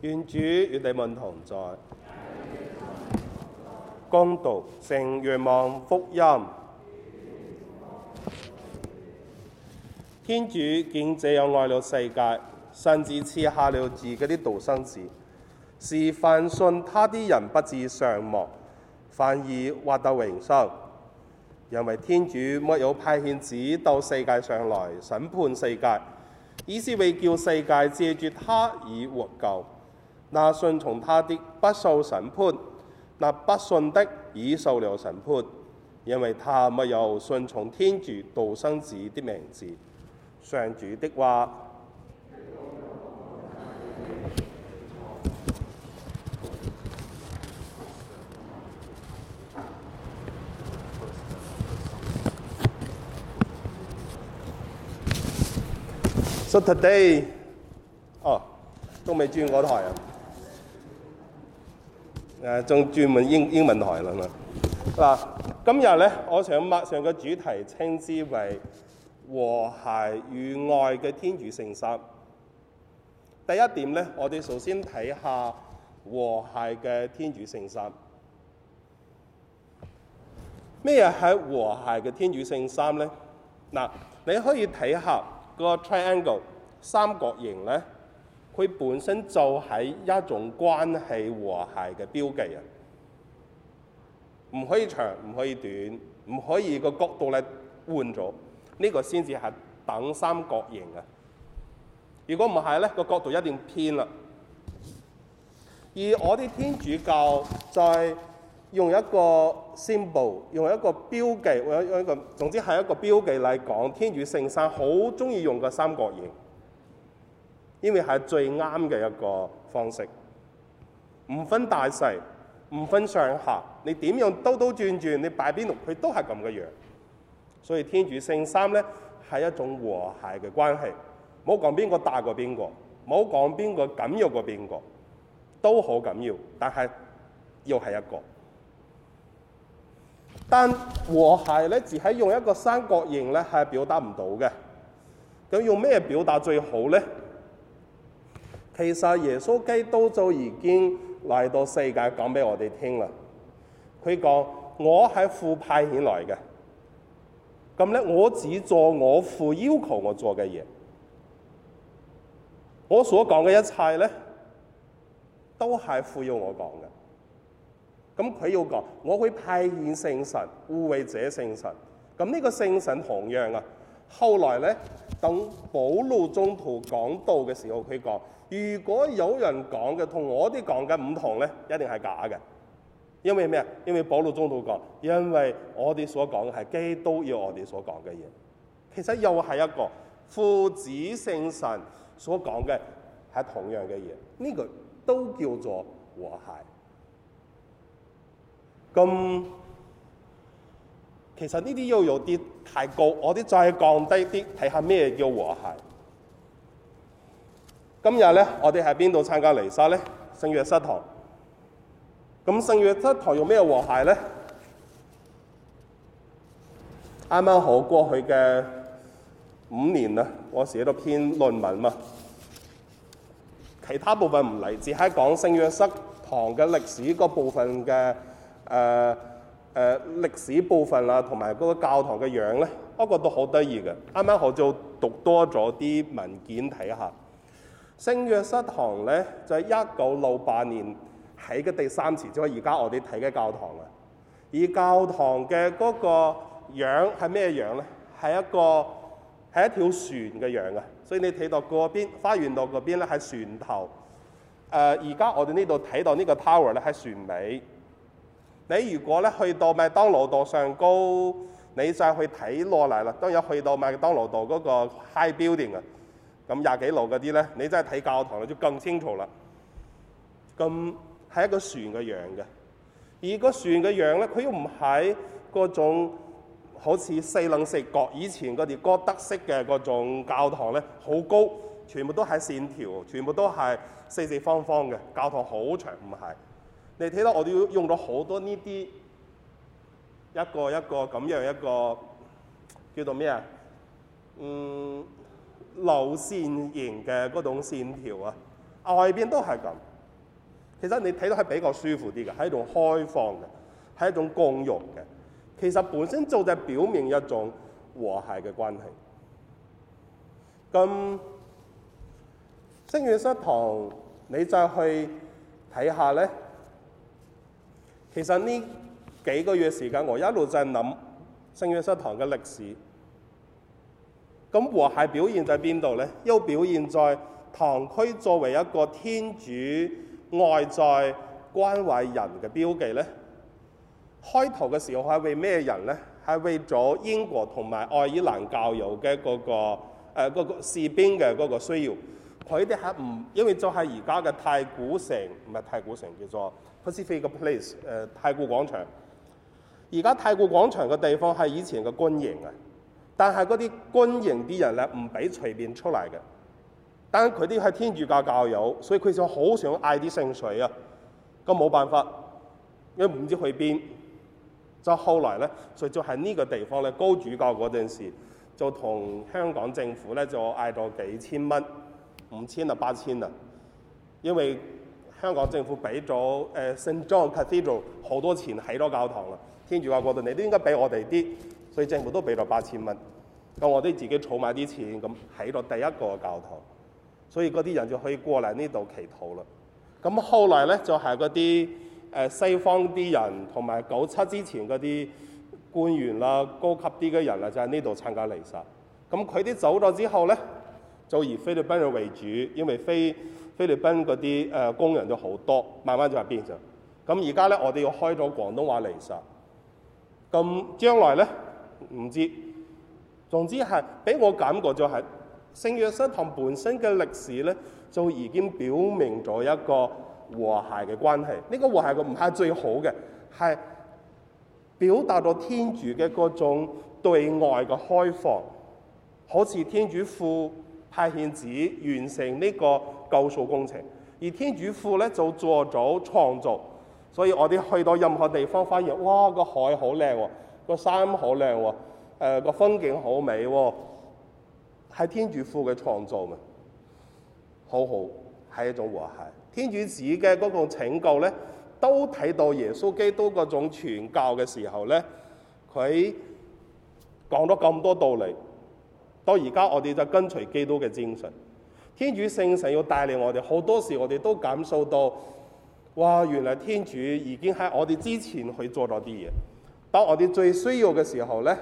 願主與你們同在。恭讀《聖若望福音》。天主竟這樣愛了世界，甚至賜下了自己的獨生子，使凡信他的人不至喪亡，反而獲得永生。因為天主沒有派遣子到世界上來審判世界，而是為叫世界藉著他而獲救。那信從他的不受審判，那不信的已受了審判，因為他沒有信從天主獨生子的名字。上主的話。So today，哦、oh,，仲未轉嗰台啊？誒，仲專門英英文台啦嘛。嗱，今日咧，我想麥上個主題稱之為和諧與愛嘅天主聖三。第一點咧，我哋首先睇下和諧嘅天主聖三。咩嘢係和諧嘅天主聖三咧？嗱，你可以睇下個 triangle 三角形咧。佢本身就係一種關係和諧嘅標記啊！唔可以長，唔可以短，唔可以個角度嚟換咗，呢個先至係等三角形啊！如果唔係咧，個角度一定偏啦。而我哋天主教再用一個 symbol，用一個標記，用用一個，總之係一個標記嚟講，天主聖三好中意用個三角形。因為係最啱嘅一個方式，唔分大細，唔分上下，你點樣兜兜轉轉，你擺邊度佢都係咁嘅樣。所以天主聖三咧係一種和諧嘅關係，冇講邊個大過邊個，冇講邊個緊要過邊個，都好緊要，但係又係一個。但和諧咧，只係用一個三角形咧係表達唔到嘅。咁用咩表達最好咧？其實耶穌基督就已經嚟到世界講俾我哋聽啦。佢講：我係父派遣來嘅，咁咧我只做我父要求我做嘅嘢。我所講嘅一切咧，都係父要我講嘅。咁佢又講，我會派遣聖神，護衛者聖神。咁呢個聖神同樣啊。後來咧，等保祿宗徒講到嘅時候，佢講：如果有人講嘅同我哋講嘅唔同咧，一定係假嘅。因為咩啊？因為保祿宗徒講，因為我哋所講嘅係基督要我哋所講嘅嘢。其實又係一個父子聖神所講嘅係同樣嘅嘢。呢個都叫做和諧。咁其實呢啲又有啲太高，我哋再降低啲，睇下咩叫和諧。今日咧，我哋喺邊度參加離沙咧？聖約瑟堂。咁聖約瑟堂有咩和諧咧？啱啱好過去嘅五年啊，我寫咗篇論文嘛。其他部分唔嚟，只係講聖約瑟堂嘅歷史嗰部分嘅。誒。呃誒、呃、歷史部分啦、啊，同埋嗰個教堂嘅樣咧，我覺得都好得意嘅。啱啱好，就讀多咗啲文件睇下，聖約瑟堂咧就係一九六八年喺嘅第三次，即係而家我哋睇嘅教堂啊。而教堂嘅嗰個樣係咩樣咧？係一個係一條船嘅樣啊！所以你睇到嗰邊花園道嗰邊咧係船頭，誒、呃、而家我哋呢度睇到呢個 tower 咧係船尾。你如果咧去到麥當勞道上高，你再去睇落嚟啦。當然去到麥當勞道嗰個 High Building 啊，咁廿幾樓嗰啲咧，你真係睇教堂你就更清楚啦。咁係一個船嘅樣嘅，而個船嘅樣咧，佢又唔係嗰種好似四棱四角，以前嗰啲歌德式嘅嗰種教堂咧，好高，全部都係線條，全部都係四四方方嘅教堂，好長唔係。你睇到我哋要用到好多呢啲一個一個咁樣一個叫做咩啊？嗯，流線型嘅嗰種線條啊，外邊都係咁。其實你睇到係比較舒服啲嘅，係一種開放嘅，係一種共融嘅。其實本身做就表面一種和諧嘅關係。咁，星月室堂，你再去睇下咧。其實呢幾個月時間，我一路就係諗聖約瑟堂嘅歷史。咁和諧表現在邊度呢？又表現在堂區作為一個天主外在關懷人嘅標記呢？開頭嘅時候係為咩人呢？係為咗英國同埋愛爾蘭教友嘅嗰個誒嗰、呃嗰個士兵嘅嗰個需要。佢哋係唔因為就係而家嘅太古城，唔係太古城叫做。Pacific Place，誒太古廣場。而家太古廣場嘅地方係以前嘅軍營啊，但係嗰啲軍營啲人咧唔俾隨便出嚟嘅。但係佢哋係天主教教友，所以佢想好想嗌啲聖水啊，咁冇辦法，因為唔知去邊。就後來咧，所以就就喺呢個地方咧，高主教嗰陣時就同香港政府咧就嗌咗幾千蚊，五千啊八千啊，因為。香港政府俾咗誒聖 John Cathedral 好多錢起咗教堂啦。天主教嗰度你都應該俾我哋啲，所以政府都俾咗八千蚊，咁我哋自己儲埋啲錢，咁起咗第一個教堂。所以嗰啲人就可以過嚟呢度祈禱啦。咁後來咧就係嗰啲誒西方啲人，同埋九七之前嗰啲官員啦、高級啲嘅人啊，就喺呢度參加彌撒。咁佢哋走咗之後咧，就以菲律賓人為主，因為非。菲律賓嗰啲誒工人都好多，慢慢就變咗。咁而家咧，我哋要開咗廣東話嚟實。咁將來咧唔知。總之係俾我感覺就係、是、聖若瑟堂本身嘅歷史咧，就已經表明咗一個和諧嘅關係。呢、這個和諧嘅唔係最好嘅，係表達到天主嘅嗰種對外嘅開放，好似天主父派遣子完成呢、這個。救贖工程，而天主父咧就做咗創造，所以我哋去到任何地方，發現哇個海好靚喎，個山好靚喎，誒、呃、個風景好美喎，係天主父嘅創造嘛，好好係一種和諧。天主子嘅嗰個拯救咧，都睇到耶穌基督嗰種傳教嘅時候咧，佢講咗咁多道理，到而家我哋就跟隨基督嘅精神。天主聖神要帶領我哋，好多時我哋都感受到，哇！原來天主已經喺我哋之前去做咗啲嘢。當我哋最需要嘅時候咧，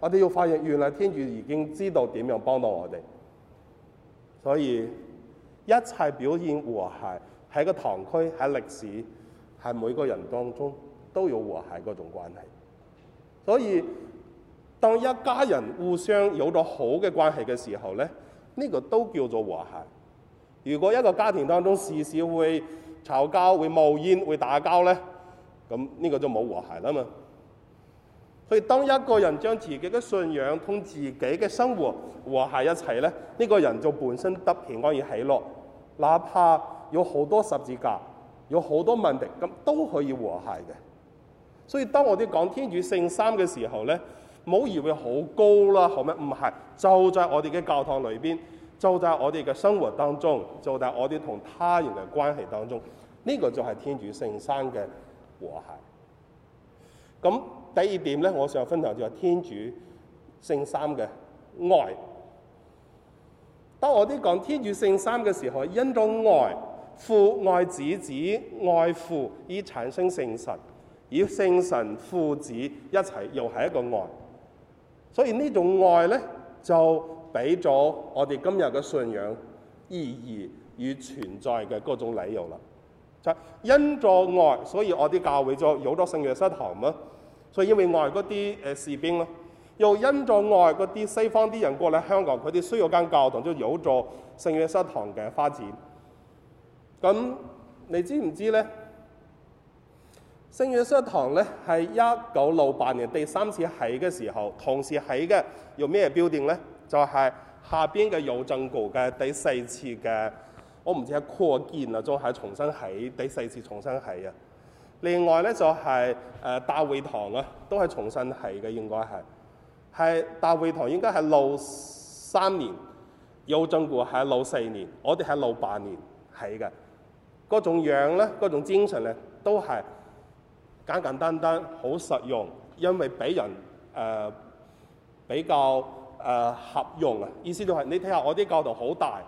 我哋要發現，原來天主已經知道點樣幫到我哋。所以一切表現和諧喺個堂區、喺歷史、喺每個人當中都有和諧嗰種關係。所以當一家人互相有咗好嘅關係嘅時候咧。呢個都叫做和諧。如果一個家庭當中時時會吵架、會冒煙、會打交呢，咁呢個就冇和諧啦嘛。所以當一個人將自己嘅信仰同自己嘅生活和諧一齊呢，呢、呢個人就本身得平安而喜樂，哪怕有好多十字架、有好多問題，咁都可以和諧嘅。所以當我哋講天主聖三嘅時候呢。唔好以為好高啦，好咩？唔係，就在我哋嘅教堂裏邊，就在我哋嘅生活當中，就在我哋同他人嘅關係當中，呢個就係天主聖三嘅和諧。咁第二點咧，我想分享就係天主聖三嘅愛。當我哋講天主聖三嘅時候，因個愛父愛子，子愛父而產生聖神，而聖神父子一齊又係一個愛。所以呢種愛咧，就俾咗我哋今日嘅信仰意義與存在嘅各種理由啦。就因咗愛，所以我啲教會就有咗聖約瑟堂啦。所以因為愛嗰啲誒士兵咯，又因咗愛嗰啲西方啲人過嚟香港，佢哋需要的間教堂，就有助聖約瑟堂嘅發展。咁你知唔知咧？聖約瑟堂咧係一九六八年第三次起嘅時候，同時起嘅用咩標點咧？就係、是、下邊嘅郵政局嘅第四次嘅，我唔知係擴建啊，仲係重新起第四次重新起啊。另外咧就係、是、誒大會堂啊，都係重新起嘅應該係，係大會堂應該係六三年，郵政局係六四年，我哋係六八年起嘅，嗰種樣咧，嗰種精神咧都係。簡簡單單，好實用，因為俾人誒、呃、比較誒、呃、合用啊！意思就係、是、你睇下我啲教堂好大，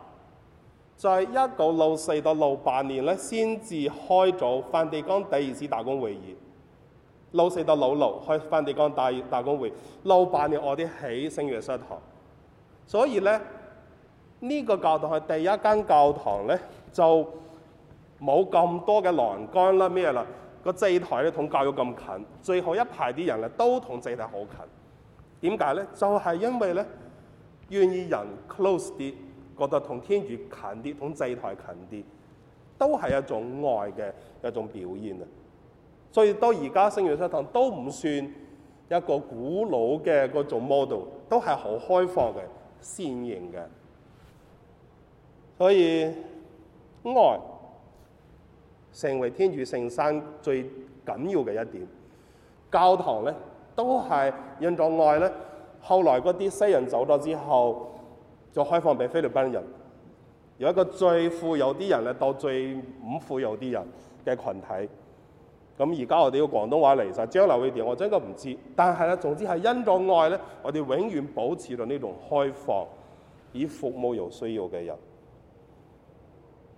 在一九六四到六八年咧，先至開咗梵蒂岡第二次大公會議。六四到六六開梵蒂岡大大公會，六八年我哋起聖約瑟堂，所以咧呢、這個教堂係第一間教堂咧，就冇咁多嘅欄杆啦，咩啦～個祭台咧同教育咁近，最後一排啲人咧都同祭台好近。點解咧？就係、是、因為咧，願意人 close 啲，覺得同天主近啲，同祭台近啲，都係一種愛嘅一種表現啊！所以到而家聖約瑟堂都唔算一個古老嘅嗰種 model，都係好開放嘅、線形嘅。所以愛。成為天主聖山最緊要嘅一點，教堂咧都係因咗愛咧。後來嗰啲西人走咗之後，就開放俾菲律賓人。有一個最富有啲人咧，到最唔富有啲人嘅群體。咁而家我哋要廣東話嚟曬，將來會點？我真係唔知。但係咧，總之係因咗愛咧，我哋永遠保持咗呢種開放，以服務有需要嘅人。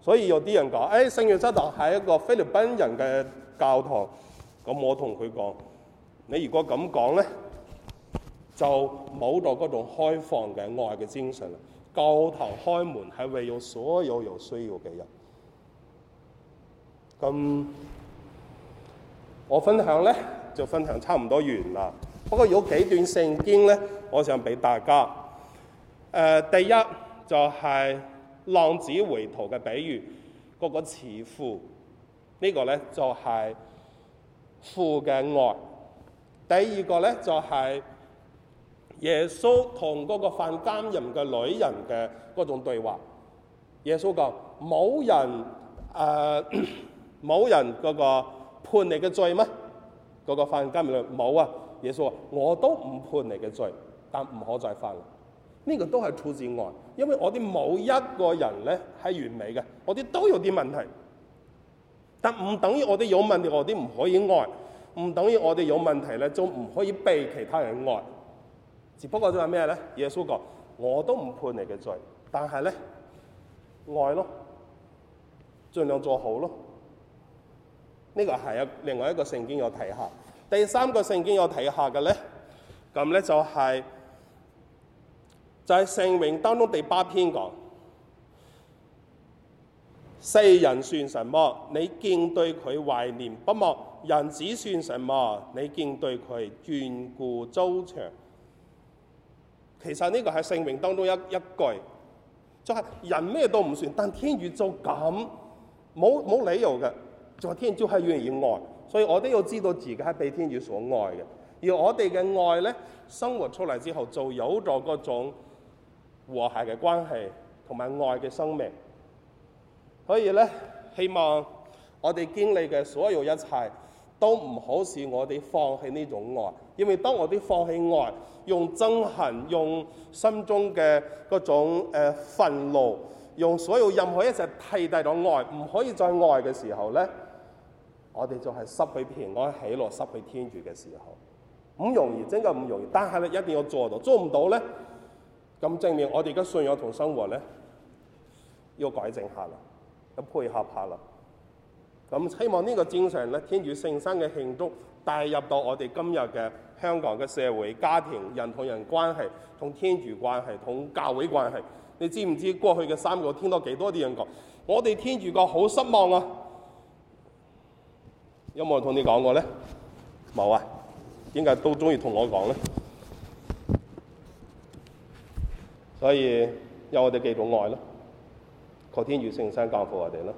所以有啲人講，誒、哎、聖若瑟堂係一個菲律賓人嘅教堂，咁我同佢講，你如果咁講咧，就冇到嗰種開放嘅愛嘅精神啦。教堂開門係為咗所有有需要嘅人。咁我分享咧就分享差唔多完啦。不過有幾段聖經咧，我想俾大家。誒、呃，第一就係、是。浪子回頭嘅比喻，嗰、那個慈父，這個、呢個咧就係、是、父嘅愛。第二個咧就係、是、耶穌同嗰個犯奸淫嘅女人嘅嗰種對話。耶穌講：冇人誒，冇、呃、人嗰個判你嘅罪咩？嗰、那個犯奸淫女冇啊。耶穌話：我都唔判你嘅罪，但唔可再犯。呢個都係處置愛，因為我哋冇一個人咧係完美嘅，我哋都有啲問題，但唔等於我哋有問題，我哋唔可以愛，唔等於我哋有問題咧就唔可以被其他人愛。只不過就係咩咧？耶穌講，我都唔判你嘅罪，但係咧愛咯，盡量做好咯。呢、這個係有另外一個聖經我睇下，第三個聖經我睇下嘅咧，咁咧就係、是。就係聖經當中的第八篇講：世人算什麼？你見對佢懷念不忘；人子算什麼？你見對佢眷顧周詳。其實呢個係聖經當中一一句，就係、是、人咩都唔算，但天主就咁冇冇理由嘅，就係、是、天主係願意愛，所以我都要知道自己係被天主所愛嘅。而我哋嘅愛咧，生活出嚟之後就有咗嗰種。和諧嘅關係，同埋愛嘅生命。所以咧，希望我哋經歷嘅所有一切，都唔好使我哋放棄呢種愛。因為當我哋放棄愛，用憎恨，用心中嘅嗰種誒、呃、憤怒，用所有任何一切替代到愛，唔可以再愛嘅時候咧，我哋就係失去平安喜樂，失去天主嘅時候，唔容易，真係唔容易。但係咧，一定要做到，做唔到咧。咁證明我哋嘅信仰同生活咧，要改正下啦，咁配合下啦。咁希望個呢個精神咧，天主聖三嘅慶祝帶入到我哋今日嘅香港嘅社會、家庭、人同人關係、同天主關係、同教會關係。你知唔知過去嘅三個天多幾多啲人講？我哋天主教好失望啊！有冇同你講過咧？冇啊？點解都中意同我講咧？所以有我哋繼續愛咯，求天主聖神降福我哋咯。